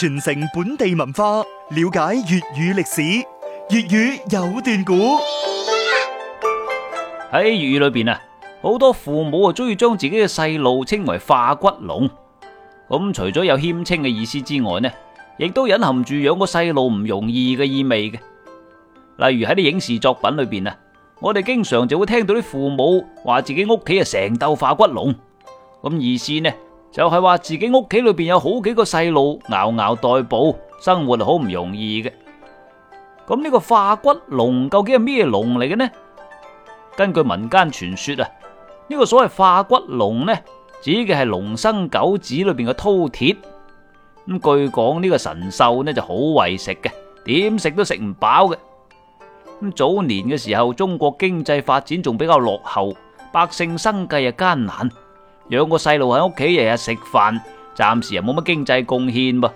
傳承本地文化，了解粵語歷史，粵語有段古。喺粵語裏邊啊，好多父母啊，中意將自己嘅細路稱為化骨龍。咁除咗有謙稱嘅意思之外，呢，亦都隱含住養個細路唔容易嘅意味嘅。例如喺啲影視作品裏邊啊，我哋經常就會聽到啲父母話自己屋企係成竇化骨龍。咁意思呢？就係話自己屋企裏邊有好幾個細路嗷嗷待哺，生活係好唔容易嘅。咁呢個化骨龍究竟係咩龍嚟嘅呢？根據民間傳說啊，呢個所謂化骨龍呢，指嘅係龍生九子裏邊嘅饕餮。咁據講呢個神獸呢就好為食嘅，點食都食唔飽嘅。咁早年嘅時候，中國經濟發展仲比較落後，百姓生計又艱難。養個細路喺屋企日日食飯，暫時又冇乜經濟貢獻噃，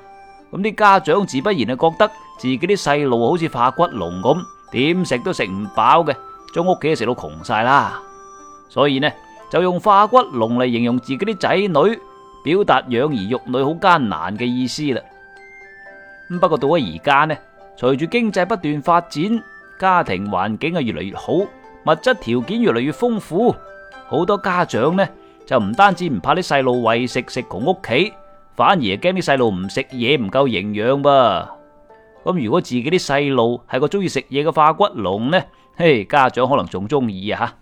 咁啲家長自不然就覺得自己啲細路好似化骨龍咁，點食都食唔飽嘅，將屋企食到窮晒啦。所以呢，就用化骨龍嚟形容自己啲仔女，表達養兒育女好艱難嘅意思啦。咁不過到咗而家呢，隨住經濟不斷發展，家庭環境啊越嚟越好，物質條件越嚟越豐富，好多家長呢，就唔單止唔怕啲細路為食食窮屋企，反而驚啲細路唔食嘢唔夠營養噃。咁如果自己啲細路係個中意食嘢嘅化骨龍呢？嘿，家長可能仲中意啊吓。